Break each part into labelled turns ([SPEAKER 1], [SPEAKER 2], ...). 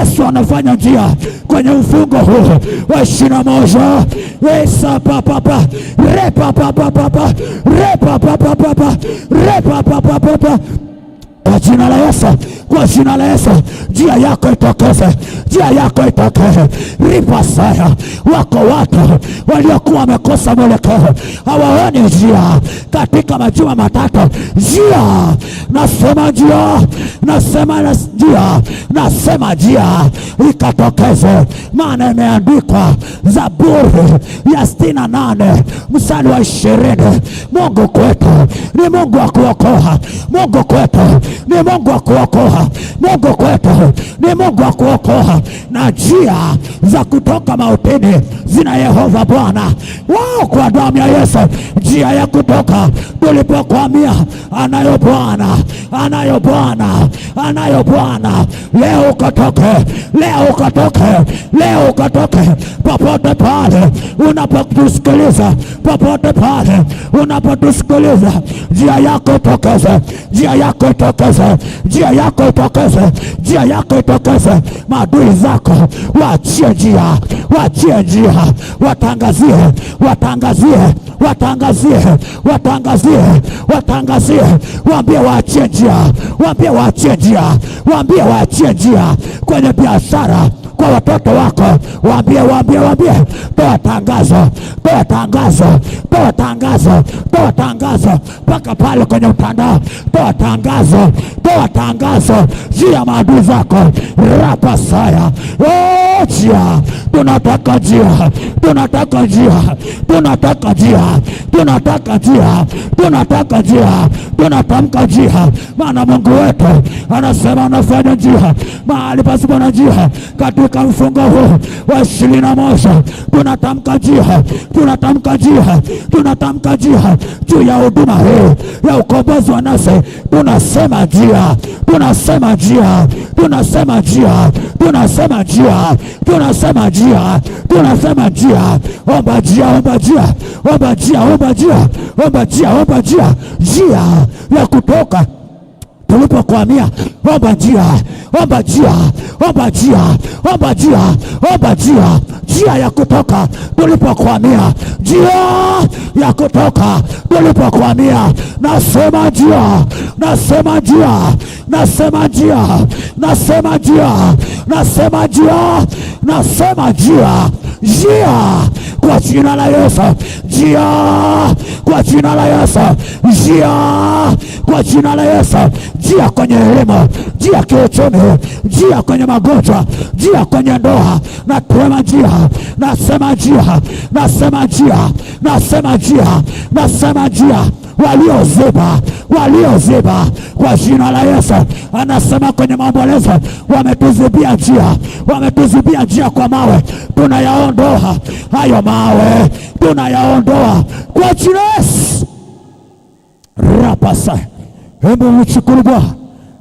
[SPEAKER 1] Yesu anafanya njia kwenye ufungo huu wa shina moja wesa papapa repa papapapa repa papapapa repa papapapa kwa jina la Yesu, kwa jina la Yesu, njia yako itokeze, njia yako itokeze. Ripasaya, wako watu waliokuwa wamekosa mwelekeo, hawaoni njia katika majuma matatu. Njia nasema, njia nasema, njia nasema, njia ikatokeze, maana imeandikwa Zaburi ya sitini na nane mstari wa ishirini Mungu kwetu ni Mungu wa kuokoa, Mungu kwetu ni Mungu wa kuokoa. Mungu kwetu ni Mungu wa kuokoa, na njia za kutoka mautini zina Yehova Bwana wao kwa damu ya Yesu, njia ya kutoka tulipokwamia. Anayo Bwana, anayo Bwana, anayo Bwana. Leo ukatoke, leo ukatoke, leo ukatoke, popote pale unapotusikiliza, popote pale unapotusikiliza, njia yako tokeze, njia yako tokeze itokeze, njia yako itokeze, njia yako itokeze. Maadui zako waachie njia, waachie njia, watangazie, watangazie, watangazie, watangazie, watangazie, waambie waachie njia, waambie waachie njia, waambie waachie njia kwenye biashara kwa watoto wako, waambie waambie waambie, toa tangazo, toa tangazo, toa tangazo, toa tangazo mpaka pale kwenye mtandao, toa tangazo, toa tangazo juu ya maadui zako, rapa saya ochia tunataka njia, tunataka njia, tunataka njia, tunataka njia, tunataka njia, tunatamka njia, maana Mungu wetu anasema anafanya njia mahali pasipo na njia. Katika mfungo huu wa ishirini na moja tunatamka njia, tunatamka njia, tunatamka njia juu ya huduma hii ya ukombozi wa nafsi. Tunasema njia, tunasema njia, tunasema njia, tunasema njia, tunasema njia njia, tunasema njia, omba njia, omba njia, omba njia, omba njia, omba njia, omba njia, njia ya kutoka tulipokwamia. Omba njia, omba njia, omba njia, omba njia, omba njia njia ya kutoka tulipokwamia, njia ya kutoka tulipokwamia. Nasema njia, nasema njia, nasema njia, nasema njia, nasema njia, nasema njia, njia kwa jina la Yesu, njia kwa jina la Yesu, njia kwa jina la Yesu, njia kwenye elimu njia kiuchumi, njia kwenye magonjwa, njia kwenye ndoa, natema njia, nasema njia, nasema njia, nasema njia, nasema njia walioziba walioziba kwa jina la Yesu. Anasema kwenye maombolezo, wametuzibia njia, wametuzibia njia kwa mawe, tunayaondoa hayo mawe, tunayaondoa kwa jina Yesu. rapasa hebu mchukuru Bwana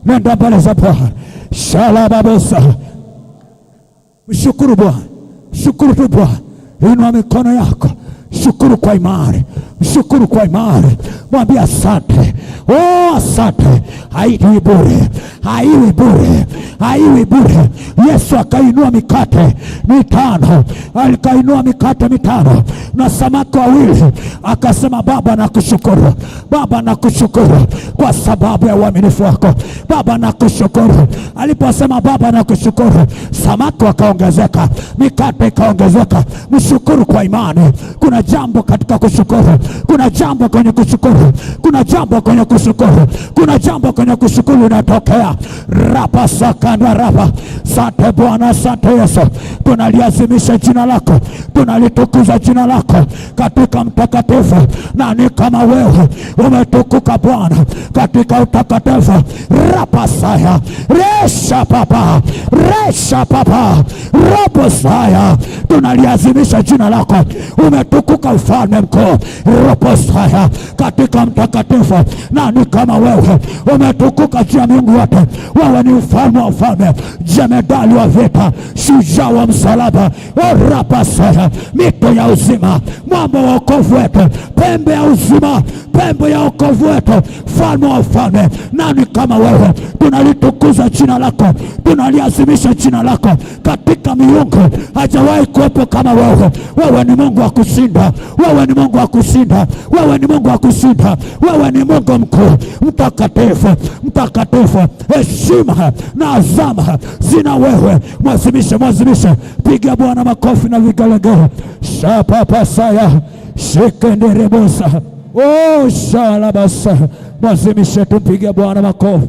[SPEAKER 1] Nenda mbele za Bwana, shalababosa. Mshukuru Bwana, mshukuru tu Bwana, inua mikono yako, mshukuru kwa imani, mshukuru kwa imani, mwambie asante. Oh, asante, haiwi bure, haiwi bure haiwi bure. Yesu akainua mikate mitano, alikainua mikate mitano na samaki wawili, akasema Baba nakushukuru, Baba nakushukuru kwa sababu ya uaminifu wako, Baba nakushukuru. Aliposema Baba nakushukuru, samaki wakaongezeka, mikate ikaongezeka. Mshukuru kwa imani. Kuna jambo katika kushukuru, kuna jambo kwenye kushukuru kuna jambo kwenye kushukuru, kuna jambo kwenye kushukuru inatokea. rapa sakanda rapa. Sante Bwana, sante Yesu, tunaliazimisha jina lako, tunalitukuza jina lako katika mtakatifu. Nani kama wewe? Umetukuka Bwana katika utakatifu. rapa saya resha papa resha papa rapa saya, tunaliazimisha jina lako, umetukuka ufalme mkuu saya katika mtakatifu mtakatifu. Nani kama wewe? Umetukuka juu ya miungu yote, wewe ni ufalme wa ufalme, jemedali wa vita, shujaa wa msalaba, orapasea mito ya uzima, mwamba wa wokovu wetu, pembe ya uzima, pembe ya wokovu wetu, falme wa ufalme. Nani kama wewe? Tunalitukuza jina lako, tunaliazimisha jina lako katika miungu, hajawahi kuwepo kama wewe. Wewe ni Mungu wa kushinda, wewe ni Mungu wa kushinda, wewe ni Mungu wa kushinda. Wewe ni Mungu mkuu, mtakatifu, mtakatifu. Heshima na azama zina wewe. Mwazimishe, mwazimishe, piga Bwana makofi na vigelegele. shapapasaya shikenderebosa oh shalabasa. Mwazimishe, tumpige Bwana makofi.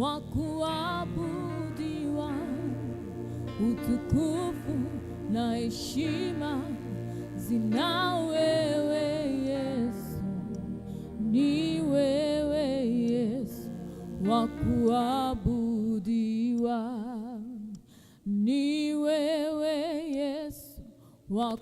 [SPEAKER 2] wakuabudiwa utukufu na heshima zina wewe Yesu, ni wewe Yesu wakuabudiwa ni wewe Yesu wa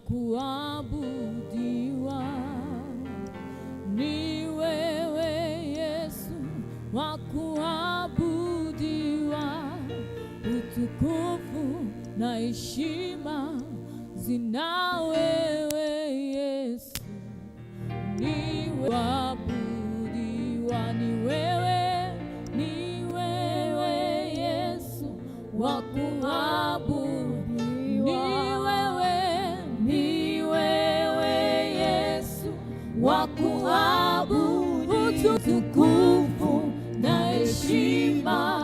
[SPEAKER 2] na heshima zina wewe Yesu, ni waabudiwa ni wewe, ni wewe Yesu wa kuabudu, ni wewe,
[SPEAKER 3] ni wewe Yesu wa kuabudu,
[SPEAKER 2] utukufu na heshima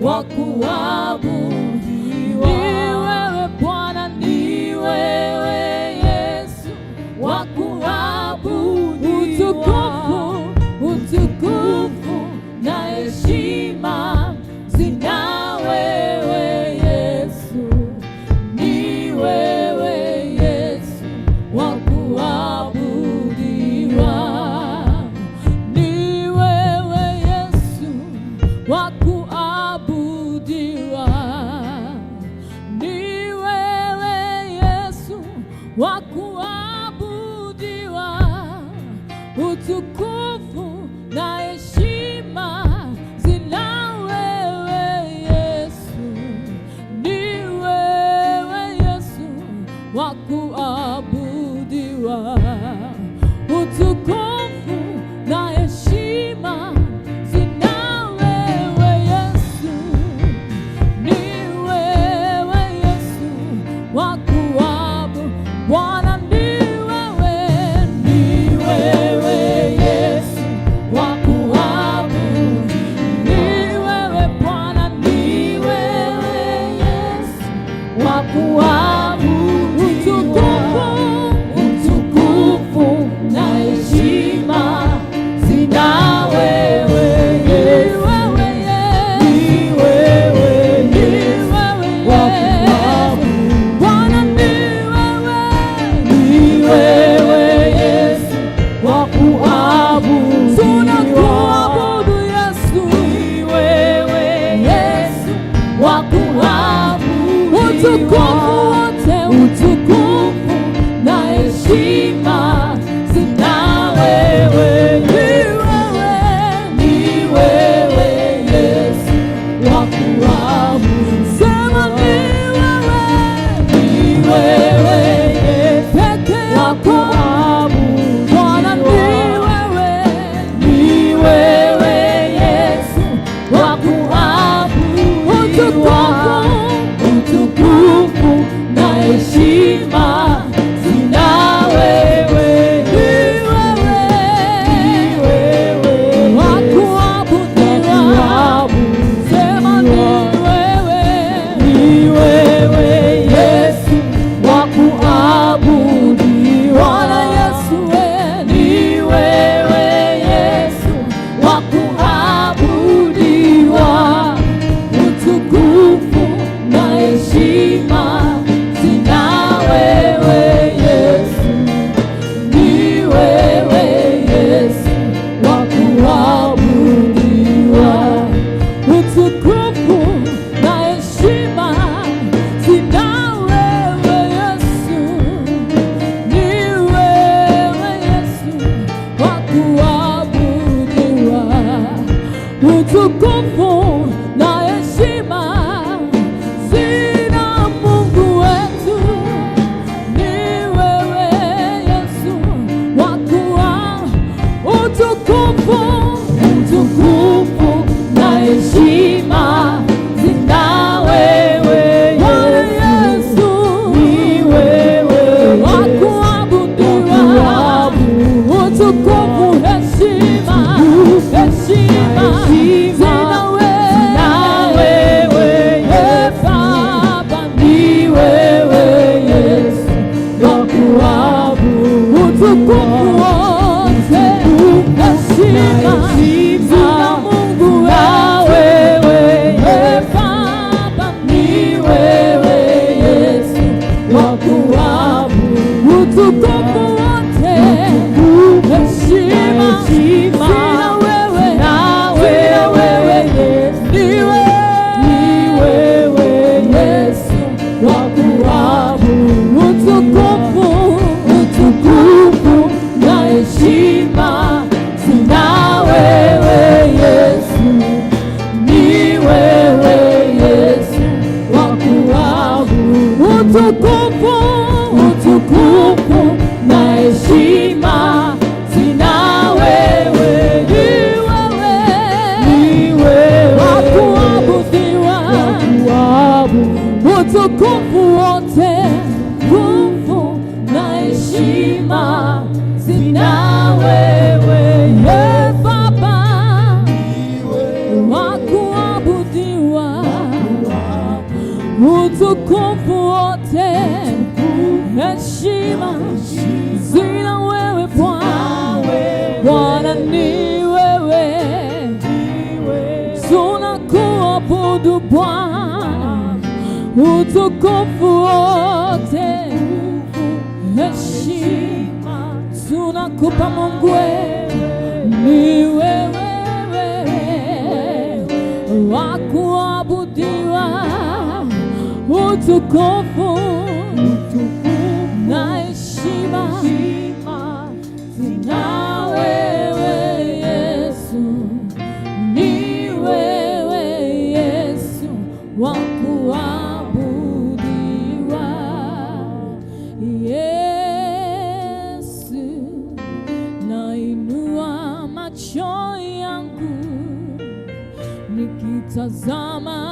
[SPEAKER 3] wa kuabudu.
[SPEAKER 2] wa kuabudiwa utukufu na
[SPEAKER 3] utukufu
[SPEAKER 2] wote wokovu utukufu wote, heshima tunakupa Mungu wewe, ni wewe wa kuabudiwa utukufu серця зама.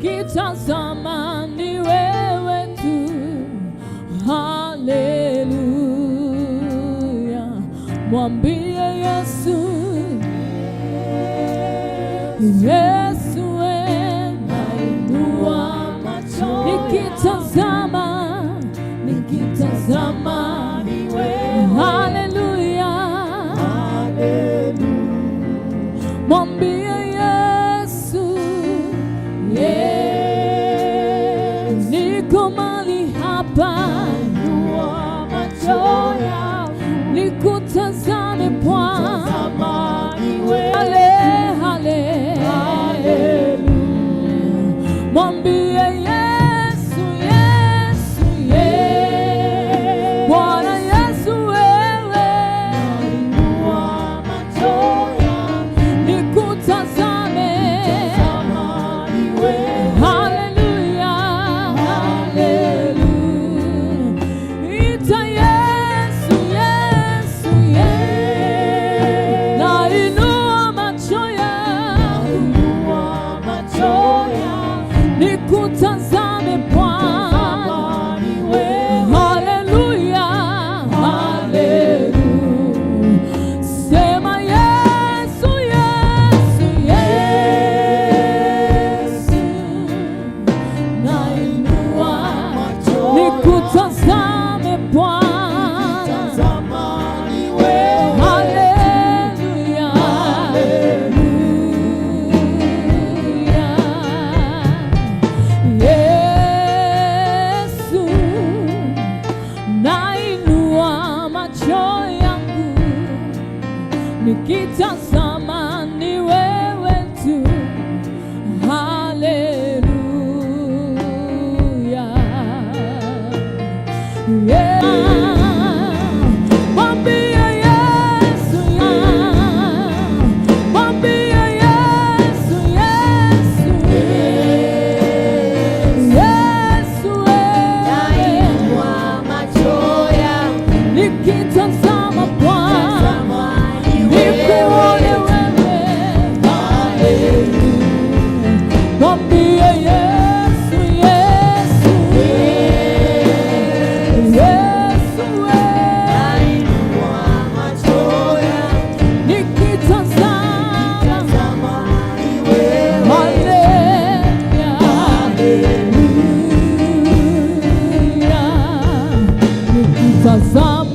[SPEAKER 2] nikitazama ni wewe tu. Haleluya, mwambie You the
[SPEAKER 3] warm joy.
[SPEAKER 2] some